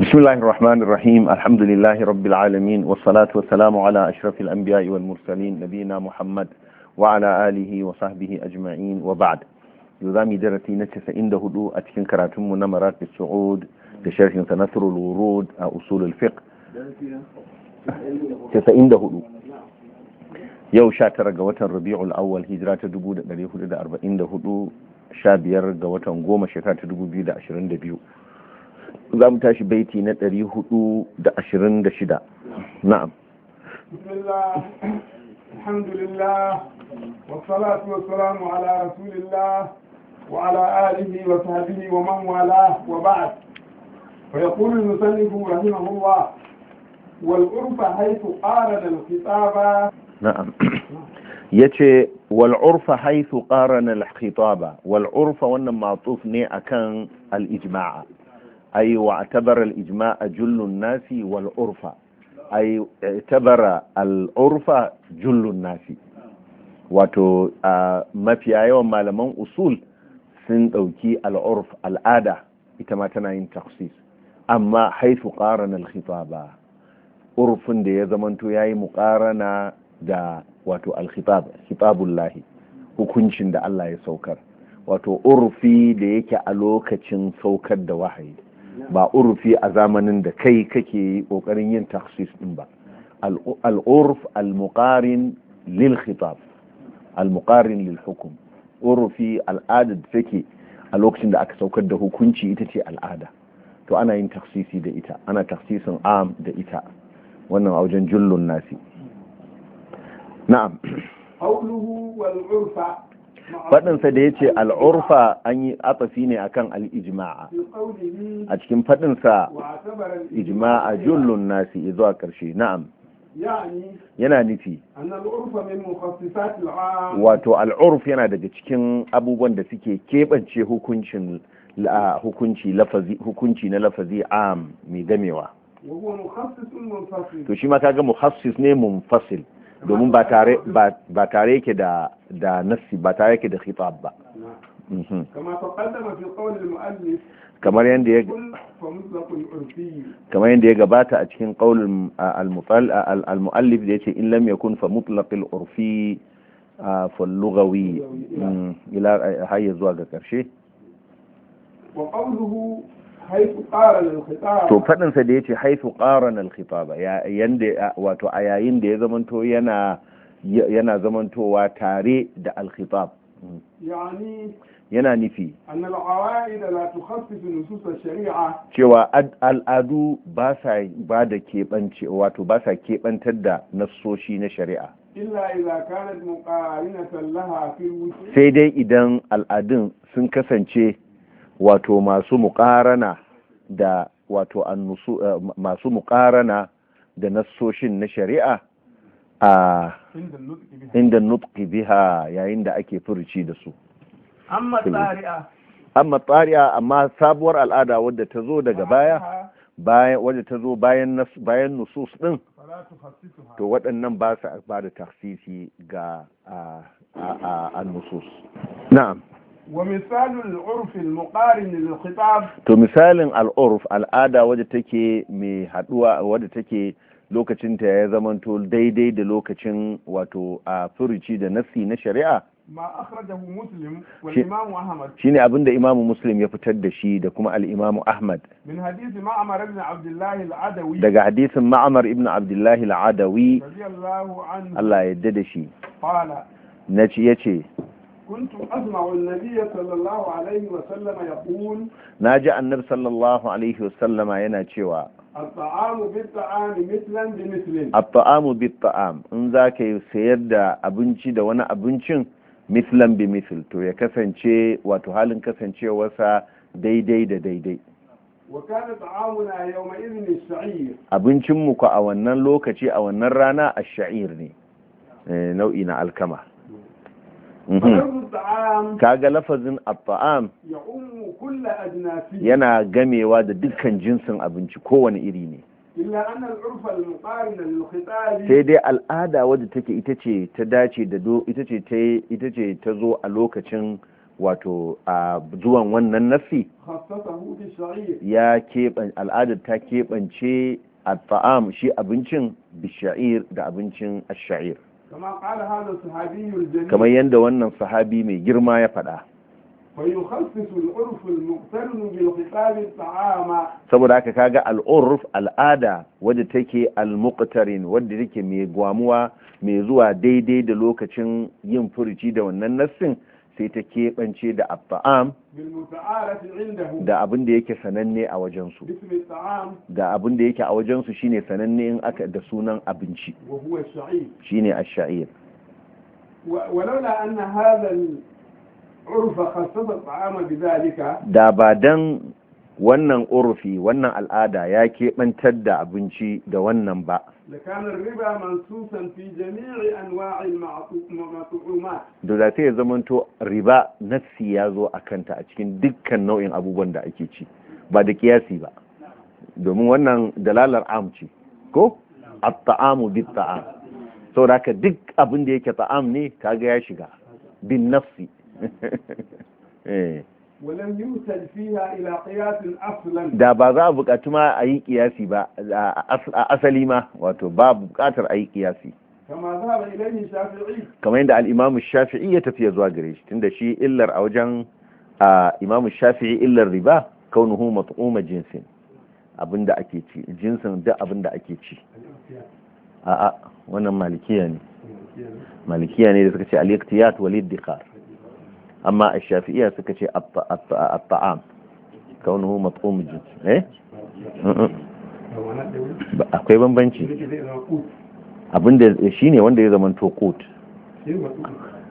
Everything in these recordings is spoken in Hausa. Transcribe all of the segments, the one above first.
بسم الله الرحمن الرحيم الحمد لله رب العالمين والصلاة والسلام على أشرف الأنبياء والمرسلين نبينا محمد وعلى آله وصحبه أجمعين وبعد يذامي درتي نتسى إنده دو أتكن كراتم نمرات بالسعود بشرح تنثر الورود أصول الفقه تسى إنده دو يو شاتر قوة ربيع الأول هجرات دبود نريه دا أربعين دهدو شابير قوة قوم شكات دبود دا عشرين دبيو za mu tashi baiti na 426 na'am الحمد لله والصلاة والسلام على رسول الله وعلى آله وصحبه ومن والاه وبعد فيقول المسلم رحمه الله والعرف حيث قارن الخطاب نعم yace wal'urfa haithu qarana al-khitaba wal'urfa wannan matuf ne akan al-ijma'a أي واعتبر الإجماع جل الناس والعرف أي اعتبر العرف جل الناس wato a mafiya yawan malaman usul sun ɗauki al'urf al'ada ita ma tana yin taksis amma haifu ƙaran alkhitaba urfin da ya zamanto ya yi muƙarana da wato alkhitab khitabullahi hukuncin da Allah ya saukar wato urfi da yake a lokacin saukar da wahayi ba urufi a zamanin da kai kake kokarin yin taksis din ba al'urf al-muqarin lil khitab al-muqarin lil hukum Urufi, al'ada take a lokacin da aka saukar da hukunci ita ce al'ada to ana yin taksisi da ita ana taksisin am da ita wannan a wajen jullun nasi na'am qawluhu wal urfa faɗinsa da ya ce al'urfa an yi atafi ne akan al'ijima'a a cikin faɗinsa ijima'a jullun nasi zuwa ƙarshe na'am yana nufi wato al'urf yana daga cikin abubuwan da suke keɓance hukuncin hukunci na lafazi am mai gamewa to shi ma kaga mukhassis ne fasil. domin ba tare yake da da nassi ba tare yake da khitab ba mhm. kamar yadda ya kamar yadda ya gabata a cikin qaulul al-muallif da yace in lam yakun fa mutlaqil urfi fa lughawi mhm. ila hayya zuwa ga karshe wa qawluhu to faɗinsa da ya ce haifu ƙaran alkhitaba wato a yayin da ya zamanto yana yana zamantowa tare da alkhitab yana nufi cewa al'adu ba sa ba da keɓance wato ba sa keɓantar da nassoshi na shari'a sai dai idan al'adun sun kasance wato masu muƙarana da wato annusu eh, masu muƙarana da nassoshin na shari'a a inda nutqi biha yayin da ake furuci da su amma tsari'a amma tsari'a amma sabuwar al'ada wadda ta zo daga baya bayan wadda ta zo bayan bayan nusus din to waɗannan ba su ba da tafsiri ga a nusus na'am to misalin al'urf, al'ada wadda take mai haduwa wadda take lokacin ta ya zamanto daidai da lokacin wato a furuci da nafsi na shari'a shi ne imam abinda imamu muslim ya fitar da shi da kuma al'imamu ahmad daga hadithin ma'amar, ibn Abdullahi al’adawi Allah ya yarda da shi qala ya ce كنت أسمع النبي صلى الله عليه وسلم يقول ناجى النبي صلى الله عليه وسلم يناتشوا الطعام بالطعام مثلا بمثل الطعام بالطعام إن ذاك سيد أبنشي دا وانا أبنشن مثلا بمثل تو يا كسنشي وتهالن كسنشي وسا دي دي دي دي, دي. abincinmu ku a wannan lokaci a wannan rana a sha'ir ne nau'i na alkama Mhm. Ka ga lafazin afa'am yana gamewa da dukkan jinsin abinci kowane iri ne sai dai al'ada wadda take ita ce ta dace da ita ce ta ce ta zo a lokacin wato a zuwan wannan nafi ya keɓan al'adar ta keɓance afa'am shi abincin bisha'ir da abincin ash kamar yadda wannan sahabi mai girma ya faɗa saboda haka kaga al'urf al'ada wadda take al-muqtarin wadda take mai gwamuwa mai zuwa daidai da lokacin yin furuci da wannan nassin sai ta keɓance da abba'am da abin da yake sananne a wajensu da abin da yake a wajensu shine sananne in aka da sunan abinci shine a shair walaula anna urfa khassasa taama bidhalika da ba dan wannan urfi wannan al'ada ya keɓantar da abinci da wannan ba لكان الربا منصوصا في جميع أنواع المطعومات دولا تي a تو ربا نفسي يازو أكنتا أتكين دكا نوعين أبو بندا ba بعد كياسي domin wannan dalalar am ce ko at-ta'amu bi ta'am saboda ka duk abinda yake ta'am ne kaga ya shiga bin nafsi da ba za a buƙatu ma a yi ƙiyasi ba a asali ma wato ba buƙatar a yi ƙiyasi kamar yadda al'imamu shafi'i ya tafiya zuwa gare shi tunda shi illar a wajen imamu shafi'i illar riba kaunuhu mat'uma jinsin abinda ake ci jinsin duk abinda ake ci a'a wannan malikiya ne malikiya ne da suka ce al-iqtiyat wal iddiqar amma a shafi'iya suka ce a ta'am kaunuhu matsumu jinsi eh akwai bambanci abinda shi ne wanda ya zama to kot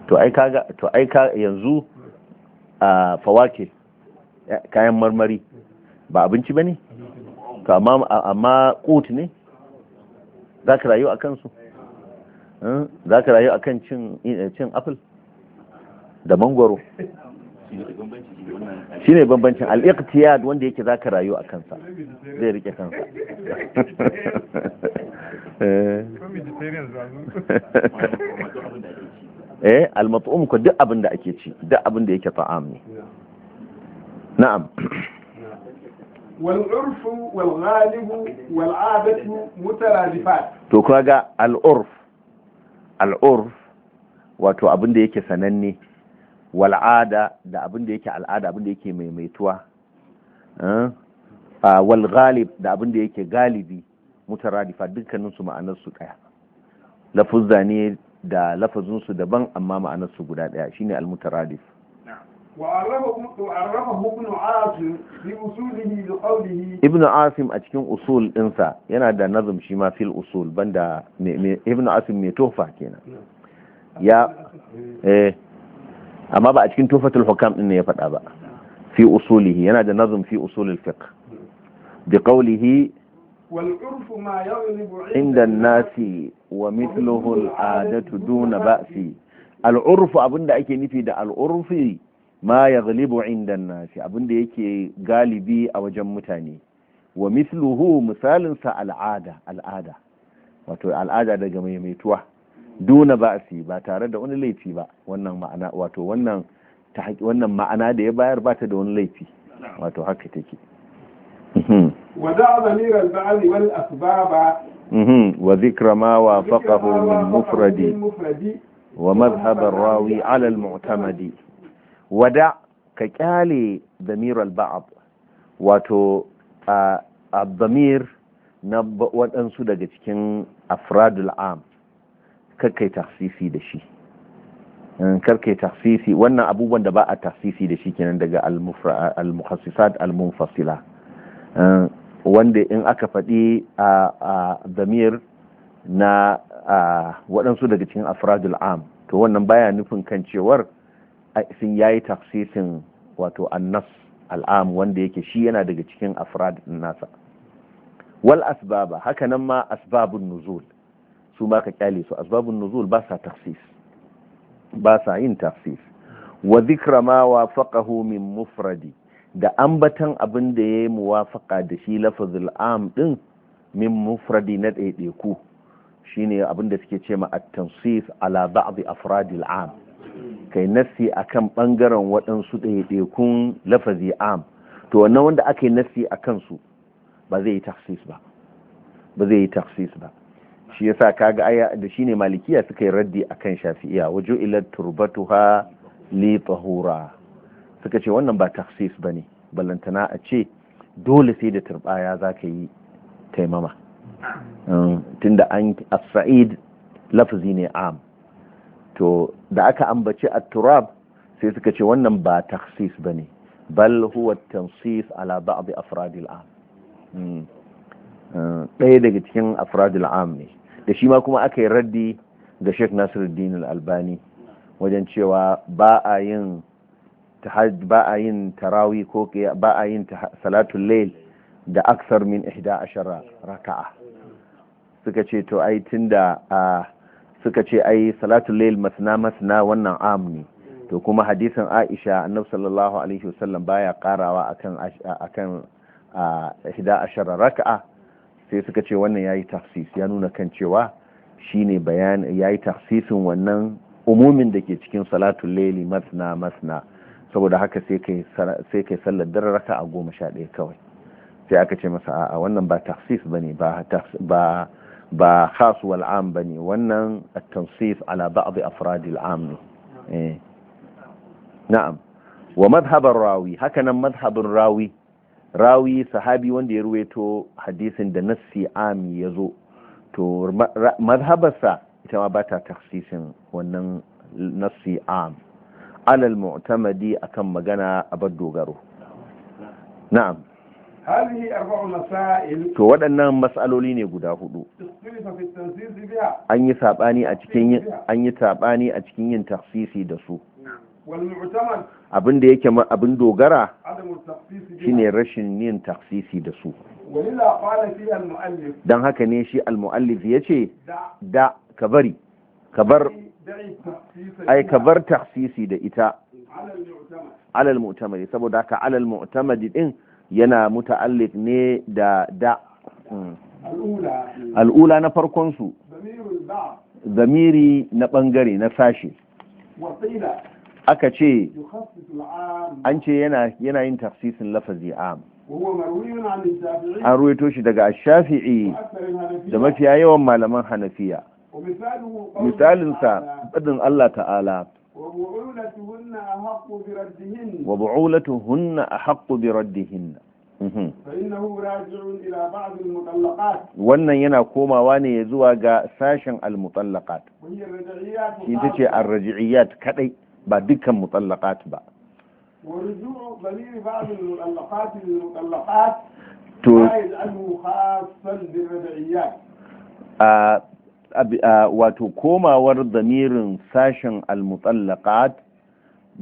to aika yanzu a fawake kayan marmari ba abinci ba ne amma kot ne za ka rayu a kansu hmm? za ka rayu a kan cin apple da mangwaro shi ne bambancin al'iqtiyad wanda yake za ka rayu a kansa zai rike kansa eh, eh al-mat'um ko duk abin da ake ci duk abin da yake ta'am ne na'am والعرف والغالب والعادة مترادفات to kaga ga al'urf, al'urf wato abin da yake sananne wal'ada da abin da yake al'ada abin da yake maimaituwa eh, a walgalib da abin da yake galibi mutaradifa dukkanin su ma'anar su daya lafuzza zane da lafazun su daban amma ma'anar su guda daya shine almutaradif ibnu ibn asim a cikin usul dinsa yana da nazum shi ma fil usul banda ibn asim mai tofa kenan ya eh, eh amma ba a cikin tufatul hukam din ne ya faɗa ba fi usulihi yana da nazm fi usulil fiqh bi qawlihi wal urfu ma yaghlibu inda an-nasi wa mithluhu al-adatu duna ba'si al urfu abinda ake nufi da al urfi ma yaghlibu inda an-nasi abinda yake galibi a wajen mutane wa mithluhu misalin sa al'ada ada wato al'ada daga maimaituwa duna ba'si ba tare da wani laifi ba wannan ma'ana wato wannan ta wannan ma'ana da ya bayar ba ta da wani laifi wato haka take mhm. mhm. wa ضمير البعض والأسباب وذكر ما وافقه من مفرد ومذهب الراوي على ka kyale ككالي al البعض wato a damir na waɗansu daga cikin afradul am karkai tahsisi da shi eh, karkai tahsisi wannan abubuwan da ba a tahsisi da shi kenan daga al-mukhassisat al-munfasila eh, wanda in aka faɗi a zamir na waɗansu daga cikin afradul am to wannan baya nufin kan cewar sun yayi tafsisin wato annas al'am wanda yake shi yana daga cikin afrad nasa wal asbaba hakanan ma asbabun nuzul su ma ka kyale su asbabun nuzul ba sa tafsis ba sa yin tafsis wa zikra ma wafaqahu min mufradi da ambatan abin da yayi muwafaqa da shi lafazul am din min mufradi na ku, shine abin da suke ce ma at-tansif ala ba'd afradil am kai nassi akan bangaren waɗansu ɗaiɗaikun lafazi am to wannan wanda aka yi nassi akan su ba zai yi tafsis ba ba zai yi tafsis ba shi yasa ga aya da shine malikiya suka yi raddi akan shafi'iya wajo ila turbatuha li tahura suka ce wannan ba takhsis bane ballantana a ce dole sai da turbaya zaka yi taimama mm, tunda an as-sa'id lafzi ne am to da aka ambaci at-turab sai suka ce wannan ba takhsis bane bal huwa tansis ala ba'd afradil am mm, mm, ɗaya daga cikin afradil am ne da shi ma kuma aka yi raddi da sheikh nasiruddin al-albani wajen cewa ba a yin tarawi ko ba a yin salatul layl da aksar min 11 raka'a suka ce to ai tunda a suka ce ai salatul layl masna masna wannan am ne to kuma hadisin Aisha annabi sallallahu alaihi wasallam baya karawa akan akan 11 raka'a sai suka ce wannan ya yi tafsis ya nuna kan cewa shi ne ya yi tafsisin wannan umumin da ke cikin salatun laili masna masna saboda haka sai kai sallar dare raka a goma sha ɗaya kawai sai aka ce masa a wannan ba tafsis bane ba ba ba wal am bane wannan at ala ba'd afrad al-am ne eh. na'am wa madhhabar rawi haka nan madhhabun rawi rawi sahabi wanda ya ruwaito hadisin da nassi ami ya zo to mazhabarsa ita ma ba ta taksisin wannan nassi am alal mu'tamadi akan magana a bar dogaro na'am to waɗannan matsaloli ne guda hudu an yi saɓani a cikin yin taksisi da su abin da yake abin dogara shine rashin yin taksisi da su don haka ne shi al-mu'allif ya ce da ka bari ai ka bar taksisi da ita alal mu'tamadi saboda haka alal mu'tamadi din yana muta'alliq ne da da hmm. al'ula na farkon su zamiri na bangare na sashe. aka ce an ce yana yin tafsisin lafazi am an ruwaito shi daga shafi'i da mafiya yawan malaman hanafiya misalinsa faɗin Allah ta'ala wa a haƙƙo bi raddihinna mhm. wannan yana komawa ne ya zuwa ga sashen al-mutallaqat ita ce ar-raj'iyat kadai ba dukkan mutallaqat ba to wato komawar damirin sashen almutallaqat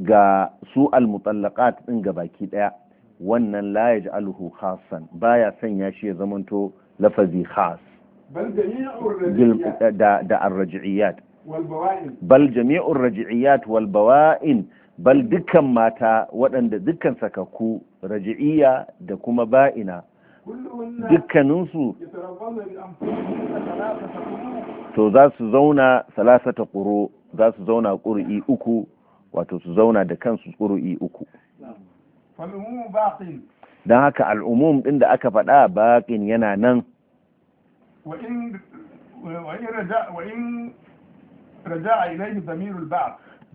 ga su almutallaqat din ga baki daya wannan la yaj'aluhu khassan baya sanya shi ya zamanto lafazi khas da da bal jami'ur raji'iyat wal bawa'in bal dukkan mata waɗanda dukkan sakakku raji'iyya da kuma ba'ina dukkaninsu to za su zauna salasata ƙuro za su zauna ƙuri'i uku wato su zauna da kansu ƙuri'i uku don haka al'umum ɗin da aka faɗa baƙin yana nan raja'a ilayhi damirul ba'd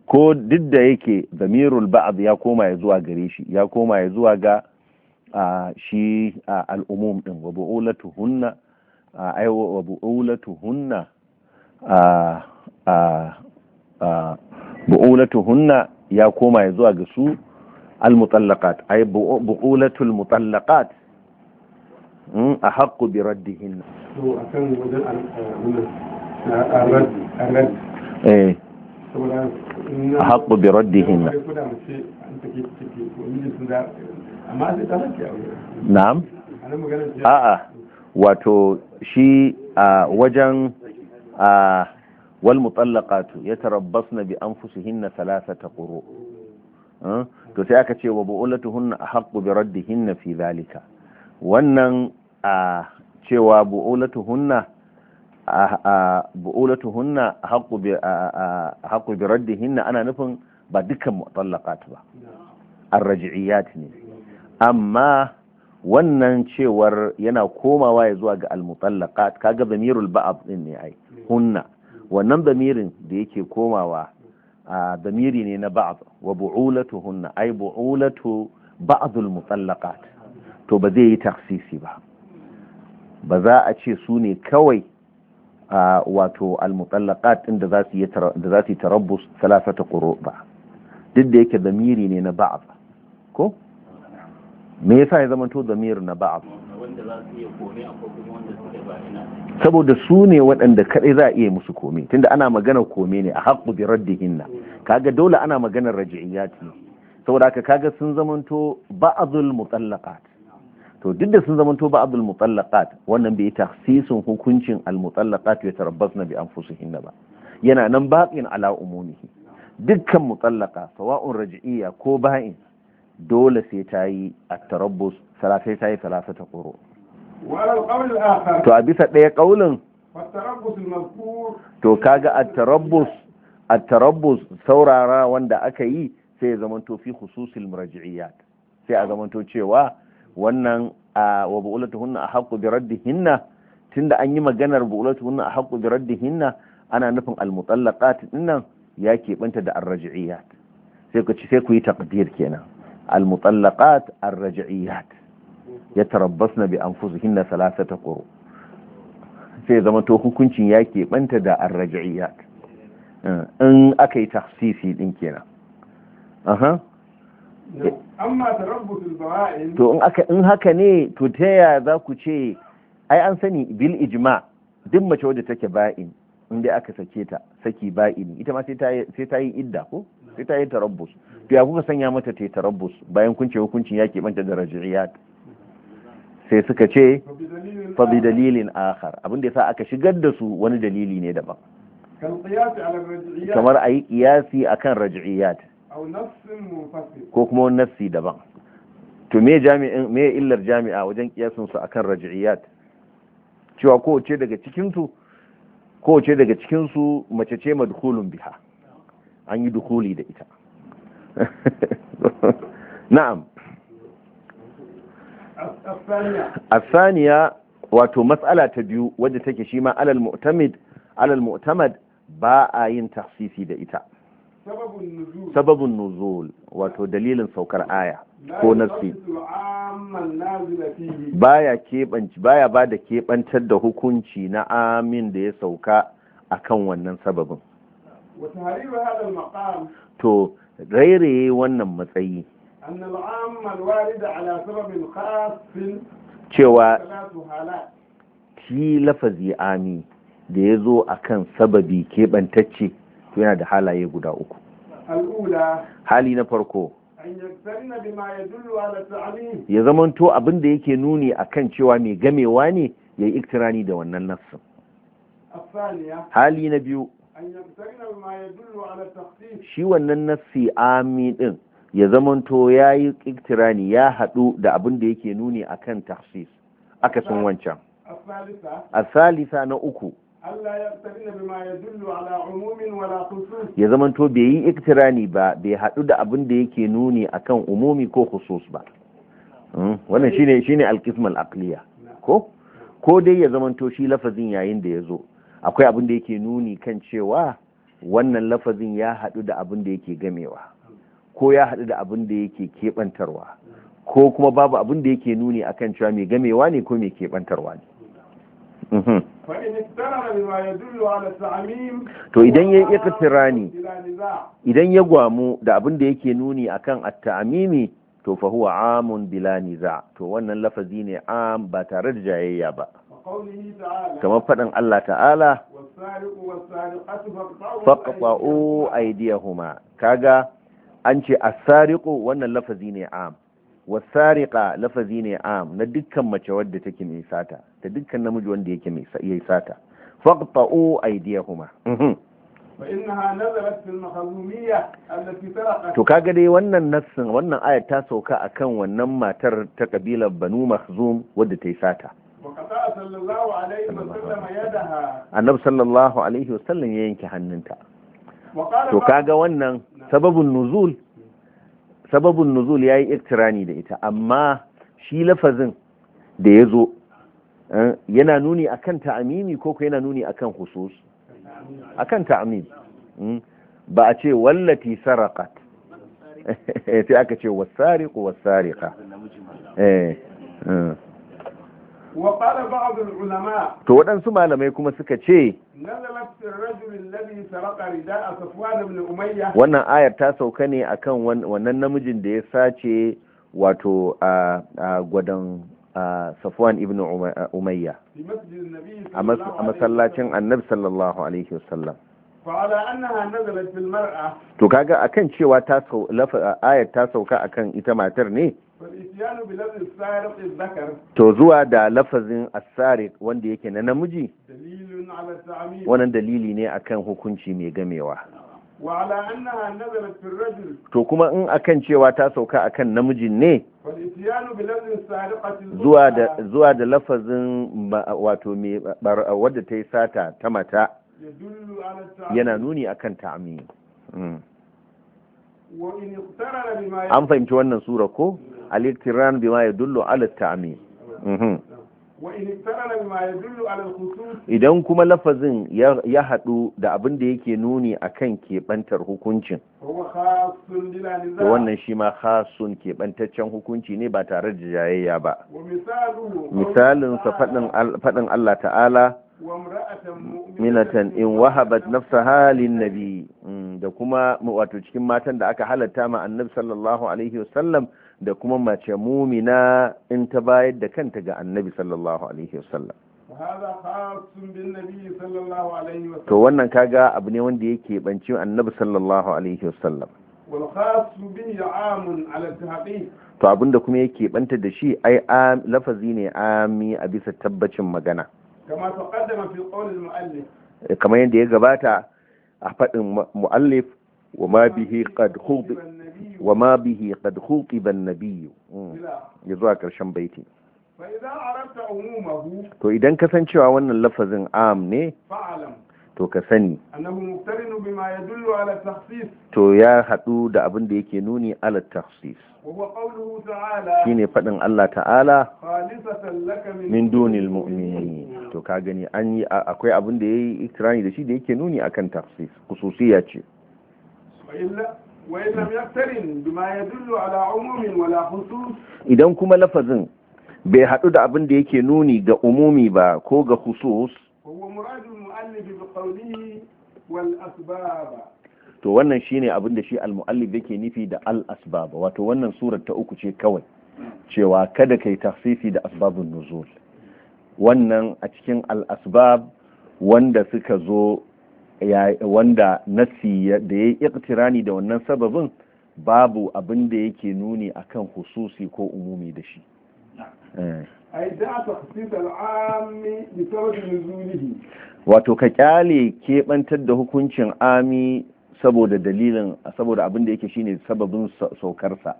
ko duk da yake damirul ba'ad ya koma ya zuwa gare shi ya koma ya zuwa ga shi al'umum din wa bu'ulatu hunna ay wa bu'ulatu hunna a bu'ulatu hunna ya koma ya zuwa ga su al-mutallaqat ay bu'ulatu al mutallaqat hmm, a haƙƙu bi raddihinna. To akan wajen al-raddi eh haqqu bi raddihin na'am a'a wato shi a wajen a wal tarabbas na bi salasa ta quru to sai aka ce wa bu'ulatuhunna ahqqu bi hinna fi zalika wannan a cewa hunna. bu'ulatuhunna hunna bi haqqu bi raddihinna ana nufin ba dukkan mutallaqat ba ar ne amma wannan cewar yana komawa ya zuwa ga almutallaqat kaga damirul ba'd din ne ai hunna wannan damirin da yake komawa damiri ne na ba'd wa hunna. ai bu'ulatu ba'dul mutallaqat to ba zai yi taksisi ba ba za a ce su ne kawai wato al-mutallaqat din da za su yi da zasu yi tarabbus salasata quruba duk da yake zamiri ne na ba'd ko me yasa ya zamanto zamir na ba'd saboda su ne waɗanda kadai za a iya musu kome tunda ana magana kome ne a haqqu bi raddihinna kaga dole ana maganar rajiyyati saboda haka kaga sun zamanto ba'dul mutallaqat to duk da sun zamanto ba abdul mutallaqat wannan bai tasisin hukuncin al mutallaqat ya tarabbasna bi anfusihin ba yana nan baqin ala umumihi dukkan mutallaqa sawa'un raj'iyya ko ba'in dole sai ta at tarabbus sai ta yi quru to a bisa ɗaya ƙaulin to kaga at tarabbus at tarabbus saurara wanda aka yi sai ya zamanto fi khususil sai a zamanto cewa wannan a wa a haƙƙu bi raddihinna tunda an yi maganar a haƙƙu bi raddihinna ana nufin al-mutallaqat dinnan ya keɓanta da ar-raj'iyat sai ku ci sai ku yi taqdir kenan al-mutallaqat ar-raj'iyat yatarabbasna bi anfusihinna thalathata quru sai zama to hukuncin ya keɓanta da ar-raj'iyat eh, in aka yi tafsisi din kenan aha to in haka ne to ta za ku ce ai an sani bil ijma duk mace wadda take ba'in inda aka sake ta saki ba'in ita ma sai ta yi idda ko sai ta yi tarabbus to ya kuka sanya mata ta yi tarabbus bayan kun ce hukuncin ya ke manta da rajiyat sai suka ce fa dalilin akhar abin da sa aka shigar da su wani dalili ne daban kamar a yi kiyasi akan raj'iyat ko kuma wani nafsi daban to me jami'in me illar jami'a wajen kiyasin su akan raj'iyat cewa ce daga cikin su ce daga cikin su mace ce madkhulun biha an yi dukhuli da ita na'am الثانية wato matsala ta biyu wadda take shi ma alal mu'tamid alal mu'tamad ba a yin tahsisi da ita sababin nuzul wato dalilin saukar aya ko nafsi baya keɓanci baya ba da keɓantar da hukunci na amin da ya sauka akan wannan sababin to rairaye wannan matsayi cewa shi lafazi ami da ya zo akan sababi keɓantacce to yana da halaye guda uku hali na farko ya zamanto abin da yake nuni akan cewa mai gamewa ne ya yi iktirani da wannan nafsin hali na biyu shi wannan nafsi ami din ya zamanto ya yi iktirani ya haɗu da abin da yake nuni akan aka akasin wancan a salisa na uku ya zamanto bai yi iktirani ba bai haɗu da abin da yake nuni akan umumi ko khusus ba hmm? wannan shine shine alqismal aqliya ko ko dai ya zamanto shi lafazin yayin da ya zo akwai abin da yake nuni kan cewa wannan lafazin ya haɗu da abin da yake gamewa ko ya haɗu da abin da yake keɓantarwa ko kuma babu abin da yake nuni akan cewa mai gamewa ne ko mai keɓantarwa ne Mhm. to idan ya yi idan ya gwamu da abin da yake nuni akan at-ta'mimi to fa huwa amun bila niza to wannan lafazi ne am ba tare da jayayya ba kamar faɗin Allah ta'ala faƙaƙa'o ka kaga an ce asariƙo wannan lafazi ne am wasariqa lafazi ne am na dukkan mace wadda take mai sata da dukkan namiji wanda yake mai yayi sata faqta'u aydiyahuma mhm. fa innaha nazalat fil mahzumiyya allati saraqat to kaga dai wannan nassin wannan ayat ta sauka akan wannan matar ta kabilar banu mahzum wadda ta yi sata annabi sallallahu alaihi wasallam ya yanke hannunta to kaga wannan sababin nuzul sababin nuzul ya yi iktirani da ita amma shi lafazin da ya zo eh, yana nuni akan ta'amimi ko ko yana nuni akan husus akan ta'amimi hmm? ba a ce wallati sarakat sai aka ce wasariku wasariqa eh, eh. to waɗansu malamai kuma suka ce wannan ayar ta sauka ne a kan wannan namijin da ya sace wato a gwadon safwan ibn umayya a masallacin annabi sallallahu alaihi wasallam to kaga akan cewa ayar ta sauka akan ita matar ne to zuwa da lafazin asarik wanda yake na namiji wannan dalili ne akan hukunci mai gamewa to kuma in akan cewa ta sauka akan namijin ne zuwa da lafazin wato mai wadda ta yi sata ta mata yana nuni akan ta'amini mm. an fahimci wannan sura ko al-iqtiran bima yadullu ala mhm. idan kuma lafazin ya haɗu da abin da yake nuni akan keɓantar hukuncin da wannan shi ma hasun keɓantaccen hukunci ne ba tare da jayayya ba misalinsa faɗin Allah ta'ala minatan in wahabat nafsa halin nabi mm, da kuma wato cikin matan da aka halatta ma annabi sallallahu alaihi wasallam da kuma mace mumina in ta bayar da kanta ga annabi sallallahu alaihi wasallam to wannan kaga abu ne wanda yake banci annabi sallallahu alaihi wasallam to abinda kuma yake banta da shi ai lafazi ne ami a bisa tabbacin magana kamar yadda ya gabata a faɗin mu'allif وما به قد خوض وما به قد خوطب النبي يزوا كرشن بيتي to idan cewa wannan lafazin am ne to ka sani to ya haɗu da abin da yake nuni ala tahsis shine faɗin Allah ta'ala min dunil mu'minin to ka gani an yi akwai abin da yayi ikrani da shi da yake nuni akan tahsis kususiya ce idan kuma lafazin bai haɗu da abin da yake nuni ga umumi ba ko ga husus. to wannan shine abin da shi al-muallif yake nufi da al-asbab wato wannan surar ta uku ce kawai cewa kada kai tafsiri da asbabun nuzul wannan a cikin al-asbab wanda suka zo wanda nasi da ya yi iktirani da wannan sababin babu abin da yake nuni akan hususi ko umumi da shi eh. wato ka kyale keɓantar da hukuncin ami saboda dalilin saboda abin da yake shine sababin saukarsa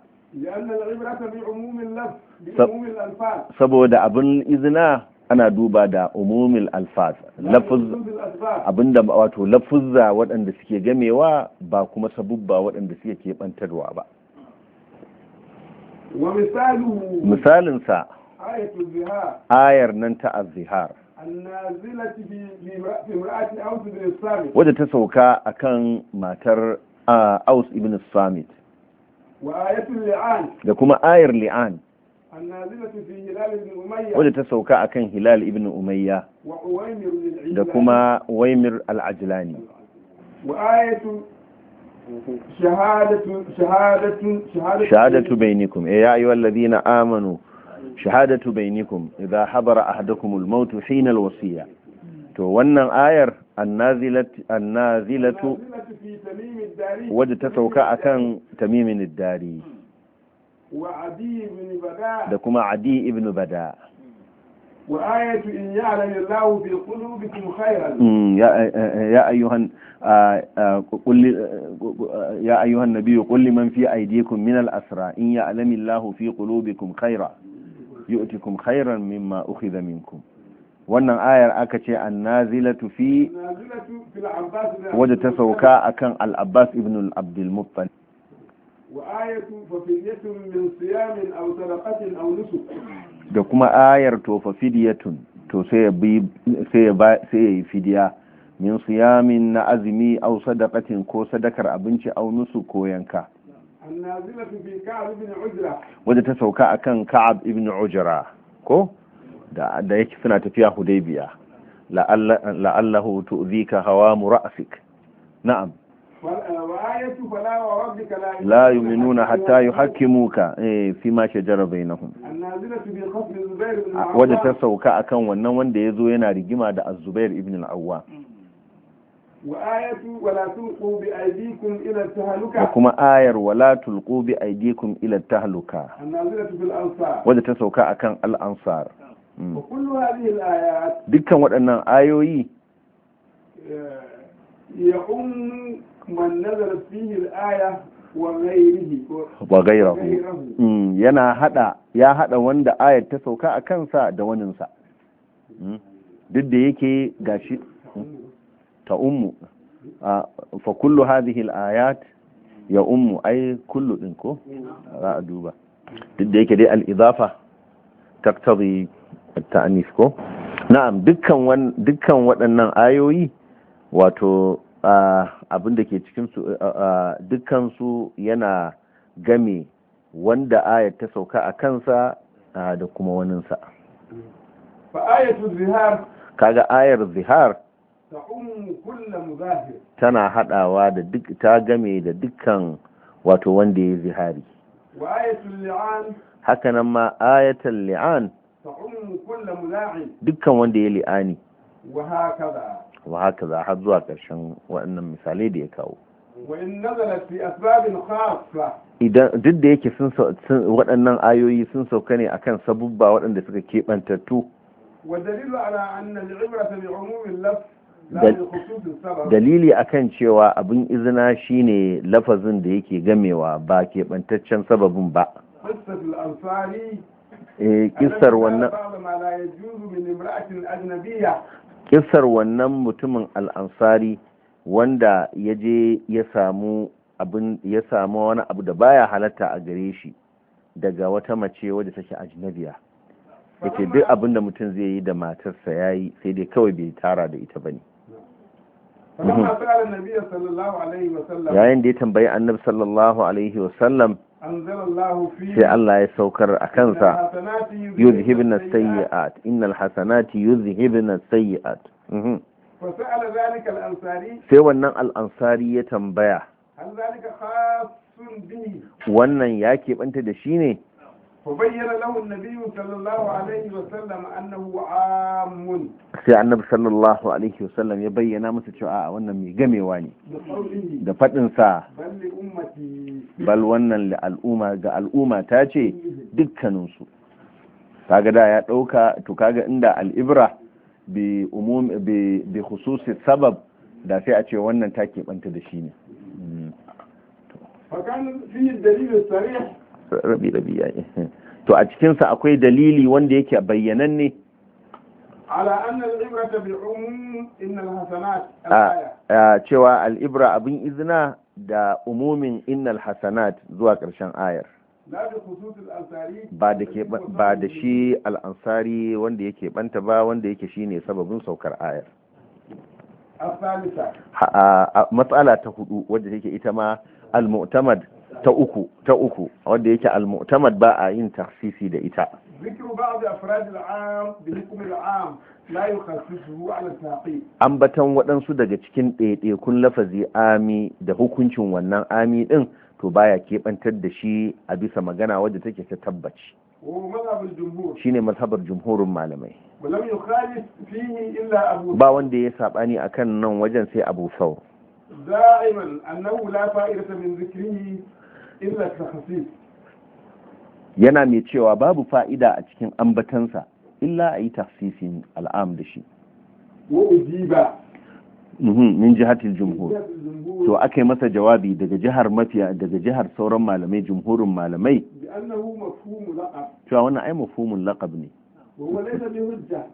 saboda abin izina ana duba da umumil alfaz abinda wato lafuzza waɗanda suke gamewa ba kuma sabubba waɗanda suke keɓantarwa ba misalinsa ayar nan ta azihar wadda ta sauka akan matar aus ibn samit da kuma ayar li'an wadda ta sauka akan hilal ibn umayya da kuma waimir al'ajilani shahadatu bainikum eh, ya yi ladina amanu shahadatu bainikum idan habara ahadakumul mautu hinal wasiya to wannan ayar annazilatu wadda ta sauka akan tamimin dari da kuma adi ibn bada wa ayatu in ya'lamu allahu fi qulubikum khayran mm, eh, eh, ya ayyuhan ah, ah, ah, ya ayyuhan nabiy qul liman fi min al asra in ya'lamu allahu fi qulubikum khayran yu'tikum khayran mimma wannan ayar aka ce annazilatu fi wajda tasawka akan al abbas ibn al abd وآية ففدية من صيام أو صدقة أو نسك da kuma ayar tofa fidiyatun to sai ya yi fidiya min siyamin na azumi au sadakatin ko sadakar abinci au nusu ko yanka wadda ta sauka akan ka'ab ibn ujra ko da yake suna tafiya hudaybiya la'allahu tu'zika hawa mu ra'sik na'am لا يؤمنون حتى يحكموك فيما شجر بينهم wadda ta sauka akan wannan wanda ya zo yana rigima da azubair ibn al'awwa da kuma ayar wala tulqu bi aydikum ila tahluka wadda ta sauka akan al'ansar dukkan waɗannan ayoyi man nazar fihi al-aya wa ghayrihi wa ghayrihi mm, yana hada ya hada wanda ayat ta sauka a kansa da waninsa mm, duk da yake gashi mm, ta ummu fa kullu hadhihi al-ayat ya ummu ai kullu din ko za a duba duk da yake dai al-idafa taktabi at-ta'nif ko na'am dukkan dukkan waɗannan ayoyi wato abin da ke cikinsu dukkansu yana game wanda ayat ta sauka a kansa da kuma waninsa kaga ayar zihar tana hadawa da duk ta game da dukkan wato wanda ya zihari hakanan ma ayatul li'an dukkan wanda ya li'ani wa haka za har zuwa ƙarshen waɗannan misalai da ya kawo idan duk da yake sun waɗannan ayoyi sun sauka ne akan sabubba waɗanda suka keɓantattu dalili akan cewa abin izina shine lafazin da yake gamewa ba keɓantaccen sababin ba eh, kisar wannan kisar wannan mutumin al'ansari wanda ya je ya samu wani abu da baya halatta a gare shi daga wata mace wadda take ajnabiya yace duk abin da mutum zai yi da matarsa ya yi sai dai kawai bai tara da ita ba ne. yayin da ya tambayi annabi sallallahu alaihi wasallam sai Allah ya saukar a kansa Yuzi yuzhibna sayyi'at innal hasanati yuzhibna sayyi'at mhm. sai wannan al'ansari ya tambaya wannan ya keɓanta da shi ne فبين له النبي صلى الله عليه وسلم أنه عام سي النبي صلى الله عليه وسلم يبين مس cewa wannan mai gamewa ne da fadin sa bal wannan li al'umma ga al'umma ta ce dukkanin su kaga da ya dauka to kaga inda al'ibra bi umum bi khususi sabab da sai a ce wannan ta keɓanta da shi ne. Mm. rabi rabi yi to a cikinsa akwai dalili wanda yake bayyananne ala anna hasanat cewa al abin izina da umumin innal hasanat zuwa ƙarshen ayar ba da shi al'ansari wanda yake banta ba wanda yake shine sababin saukar ayar a matsala ta hudu wadda take ita ma al-mu'tamad ta uku ta uku wanda yake al-mu'tamad ba a yin tafsisi da ita ذكر بعض أفراد العام بحكم العام لا يخصصه على An batan waɗansu daga cikin ɗaiɗaikun lafazi ami da hukuncin wannan ami din to baya keɓantar da shi a bisa magana wadda take ta tabbaci shine mazhabar jumhurin malamai ba wanda ya saɓani akan nan wajen sai abu sau da'iman annahu la fa'idata min zikrihi yana mai cewa babu fa'ida a cikin ambatansa illa a yi tafsisin al'am da shi mhm, min jihatil jumhur to aka yi masa jawabi daga jihar mafiya daga jihar sauran malamai jumhurin malamai cewa wannan ai mafhumun laqab ne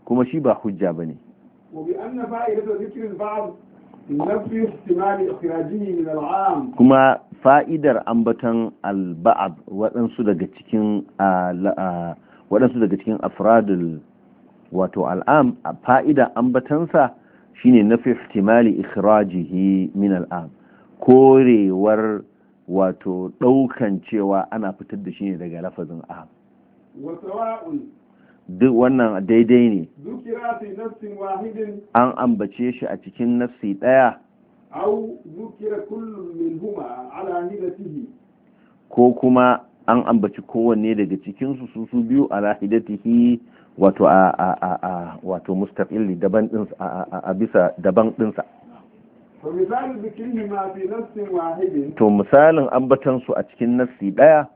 kuma shi ba hujja ba ne. kuma fa'idar ambatan alba'ab waɗansu daga cikin waɗansu daga cikin afradul wato al'am fa'idar ambatansa shine na fi ihtimali ikhrajihi min al'am korewar wato ɗaukan cewa ana fitar da shi ne daga lafazin am duk wannan daidai ne an ambace shi a cikin nafsi ɗaya ko kuma an ambaci kowanne daga cikinsu su su biyu ala hidatihi wato a a a a wato mustaqilli daban din a bisa daban dinsa to misalin ambatan su a cikin nafsi daya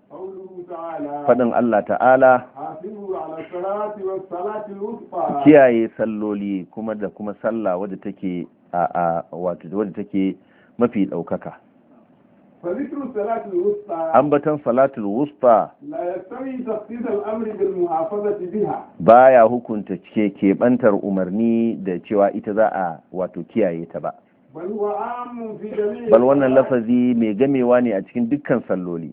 faɗin Allah ta'ala kiyaye salloli kuma da kuma sallah wadda take a wato wadda take mafi ɗaukaka ambatan salatul wusta baya hukunta ke keɓantar umarni da cewa ita za a wato kiyaye ta ba bal wannan lafazi mai gamewa ne a cikin dukkan salloli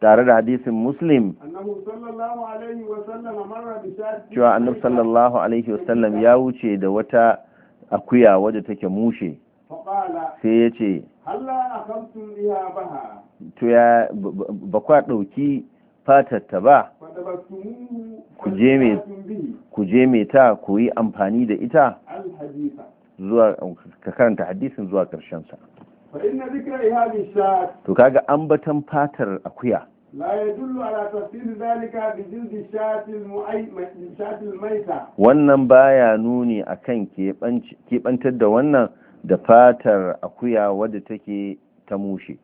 tare da hadisin muslim cewa annabi sallallahu alaihi wasallam ya wuce da wata akuya wadda take mushe sai ya ce ba kwa ɗauki ta ba ku je mai ta ku yi amfani da ita zuwa ka karanta hadisin zuwa ƙarshensa to kaga ambatan fatar akuya la yadullu ala tafsir zalika bi jildi shatil mu'ayyatil maita wannan baya nuni akan keɓantar da wannan da fatar akuya wadda take ta mushe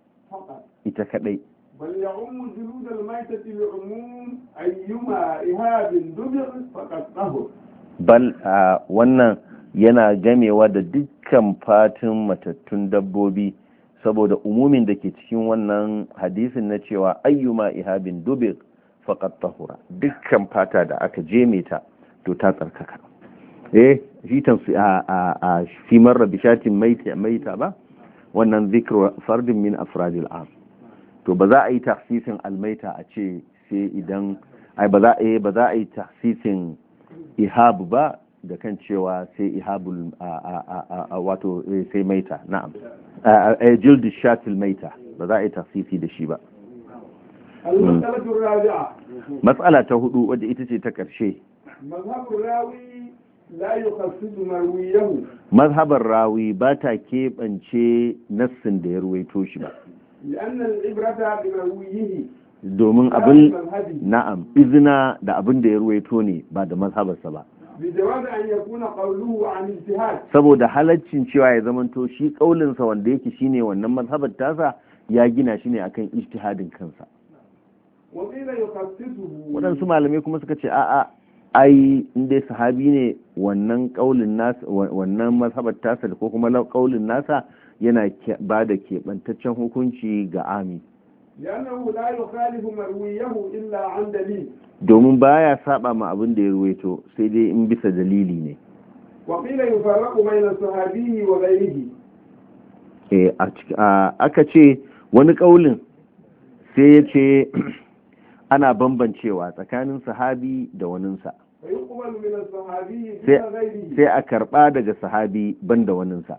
ita kadai bal ya'ummu julud al-maitati li'umum ayyuma ihabin dubir faqad tahur bal wannan yana gamewa da dukkan fatin matattun dabbobi saboda umumin da ke cikin wannan hadisin na cewa ayyuma ihabin dubir faqat tahura dukkan fata da aka jeme ta to ta tsarkaka eh shi tansu a a a fi marra bishatin maita ba wannan zikr fardin min afradil am to ba za a yi tahsisin almaita a ce sai idan ai ba za a eh, ba za a yi tahsisin ihab ba da kan cewa sai ihabul wato eh, sai maita na'am a eh, jildi shatil maita ba za a yi tafsisi da shi ba hmm. matsala ta hudu wadda ita ce ta ƙarshe mazhabar rawi ba ta keɓance nassin da ya ruwaito shi ba domin abin na'am izina da abin da ya ruwaito ne ba da mazhabarsa ba saboda halaccin cewa ya zamanto shi kaulinsa wanda yake shine wannan mazhabar tasa ya gina shi ne akan ijtihadin kansa waɗansu malamai kuma suka ce a'a ai inda sahabi ne wannan kaulin nasa wannan mazhabar tasa ko kuma ƙaulin nasa yana ba da keɓantaccen hukunci ga Amin. domin baya saba ma abin da ya ruwaito sai dai in bisa dalili ne aka ce wani ƙaulin sai ya ce ana bambancewa tsakanin sahabi da waninsa sai a karɓa daga sahabi ban da waninsa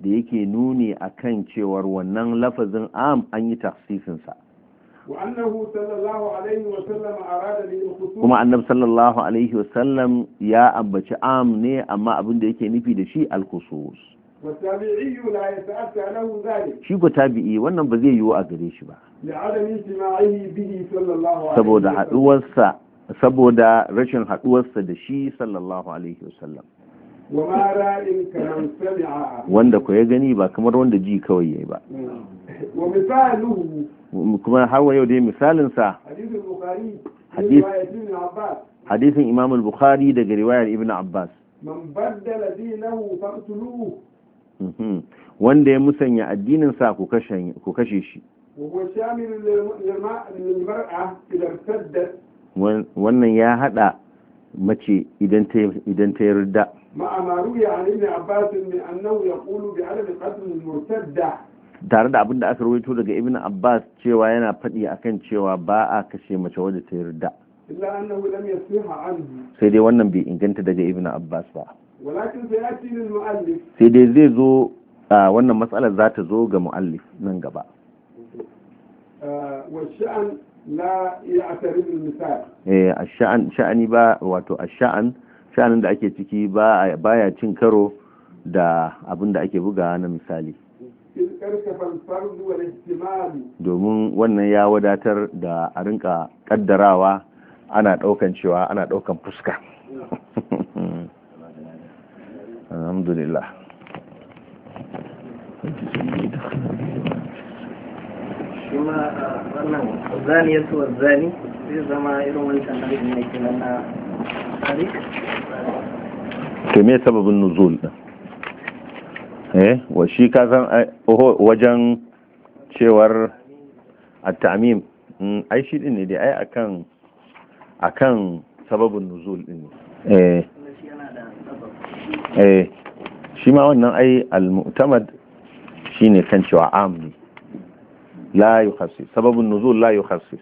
da yake nuni a kan cewar wannan lafazin am an yi tafsifinsa kuma annab sallallahu alaihi wasallam ya ambaci am ne amma abin da yake nufi da shi alkusus shi ku tabi'i wannan ba zai yiwu a gare shi ba saboda haduwarsa saboda rashin haduwarsa da shi sallallahu alaihi wasallam wanda ku ya gani ba kamar wanda ji kawai yayi ba kuma har yau dai misalinsa hadisin imam al-bukhari daga riwayar ibn abbas mhm. wanda ya musanya addininsa ku kashe shi wannan ya hada mace idan ta yarda ya tare da abin da aka rawaito daga ibn abbas cewa yana faɗi akan cewa ba a kashe mace wadda ta yarda sai dai wannan bai inganta daga ibn abbas ba sai dai zai zo wannan matsalar za ta zo ga mu'allif nan gaba uh, Eh, na sha'ani ba wato shaan sha'anin da ake ciki ba baya cin karo da abin da ake buga na misali domin wannan ya wadatar da a rinka kaddarawa ana daukan cewa ana daukan fuska alhamdulillah shi ma wannan zani ya tuwa zani zai zama irin wani harin ne ke nan na hari to me sababin nuzul din eh wa shi ka san wajen cewar at-tamim mm, ai shi din ne dai ai akan akan sababin nuzul din eh eh shi ma wannan ai al-mu'tamad shine kan cewa am la yukhassis sababun nuzul la yukhassis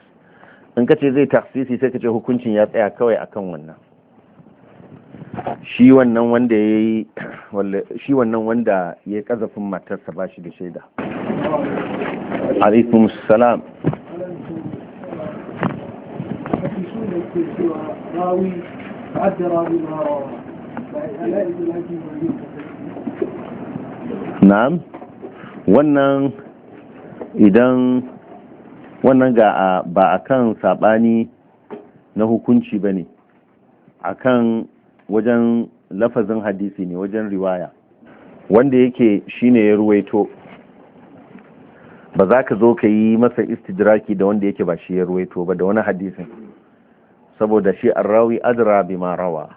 in ka ce zai taksisi sai ka ce hukuncin ya tsaya kawai akan wannan shi wannan wanda ya yi shi wannan wanda ya yi kazafin matarsa ba shi da shaida alaikum salam na'am wannan idan wannan ga ba a kan saɓani na hukunci ba ne a kan wajen lafazin hadisi ne wajen riwaya wanda yake shine ya ruwaito ba za ka zo ka yi masa istidraki da wanda yake ba shi ya ruwaito ba da wani hadisin saboda shi arrawi adira bi rawa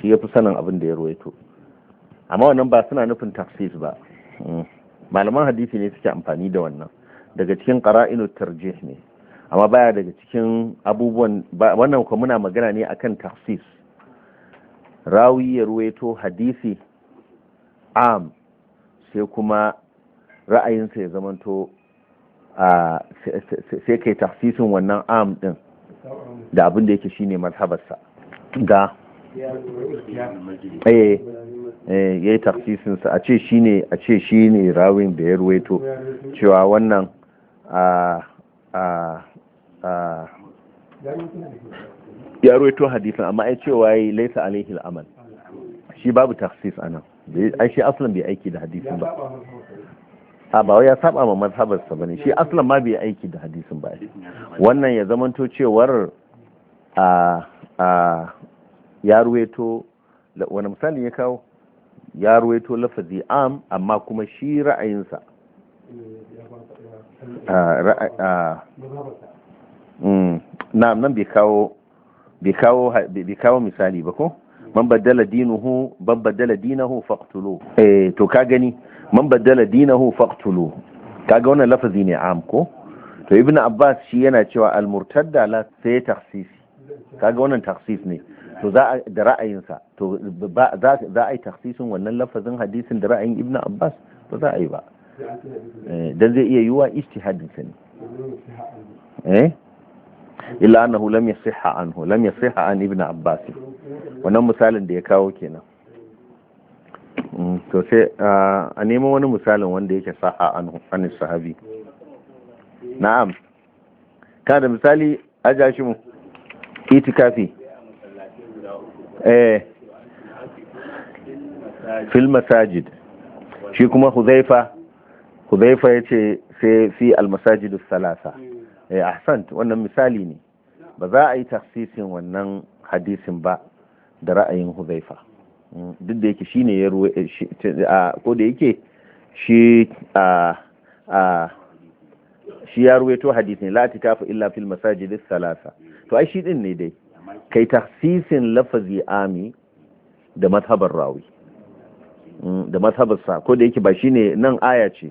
shi ya fi sanin abin da ya ruwaito amma wannan ba suna nufin tafsir ba hmm. malaman hadisi ne suke amfani da wannan daga cikin qara'inu tarjih ne amma baya daga cikin abubuwan wannan kuma muna magana ne akan tafsis rawi ya ruwaito hadisi am sai kuma ra'ayinsa ya zamanto sai kai tafsisin wannan am din da abin da yake shine mazhabarsa ga eh ya yi sa a ce shi ne rawin da ya ruwaito cewa wannan ya ruwaito hadisin amma ai cewa yi laisa alaihi al'amal shi babu taksis nan ai shi aslan bai aiki da hadisin ba a ba ya saba ma mazhabarsa bane shi aslan ma bai aiki da hadisin ba wannan ya zamanto cewar a a ya ruwaito wani misali ya kawo ya ruwaito lafazi am amma kuma shi ra'ayinsa Ah, ah. Mm. na'am nan bai kawo bai kawo misali ba ko man baddala dinuhu ban baddala dinahu faqtulu eh to ka gani man baddala dinahu faqtulu kaga wannan lafazi ne am ko to ibnu abbas shi yana cewa al murtadda la sai takhsis kaga wannan taksis ne to za da ra'ayinsa to za a yi takhsisin wannan lafazin hadisin da ra'ayin ibnu abbas ba za a yi ba Eh, dan zai iya yiwa istihadin sa ne eh? eh illa annahu lam yasihha anhu lam yasihha an ibn abbas wannan misalin da ya kawo kenan mm, to sai a nemo wani misalin wanda yake saha anhu an sahabi na'am ka da misali ajashi shi mu itikafi eh fil masajid shi kuma huzaifa hudhaifa ya ce sai fi almasajidu salasa eh ahsant wannan misali ne ba za a yi tafsisin wannan hadisin ba da ra'ayin hudhaifa mm, duk da yake shine ya ruwa eh, ko da yake shi a shi ya ruwaito hadisin la tikafu illa fil masajid salasa to ai shi din ne dai kai tafsisin lafazi ami da mazhabar rawi mm, da mazhabar sa ko da yake ba shine nan aya ce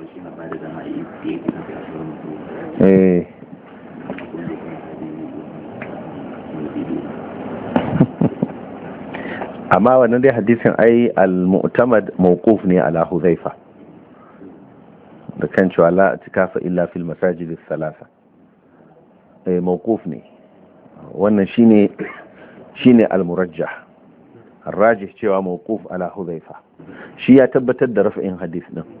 Eh. amma wannan dai hadisin ai al-mu'tamad mawquf ne ala huzaifa da kan cewa la atikafa illa fil masajid salasa eh mawquf ne wannan shine shine al-murajjah ar-rajih cewa mawquf ala huzaifa shi ya tabbatar da rafa'in hadis din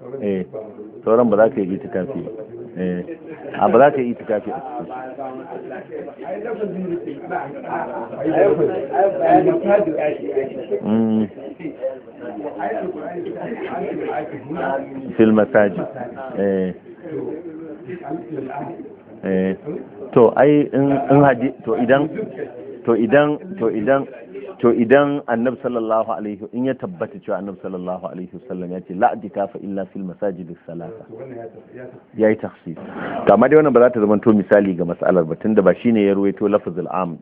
Eh, eh sauran ba za ka yi itikafi eh a ba za ka yi itikafi a cikin mm. fil masajid eh eh to ai in hadi to idan to idan to idan to idan annab sallallahu alaihi in ya tabbata cewa annab sallallahu alaihi wasallam ya ce la fa illa fil masajid salata ya yi tafsir to amma dai wannan ba za ta zama to misali ga mas'alar ba tunda ba shine ya ruwaito lafzul am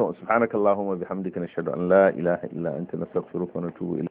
to subhanakallahumma bihamdika nashhadu an la ilaha illa anta nastaghfiruka wa natubu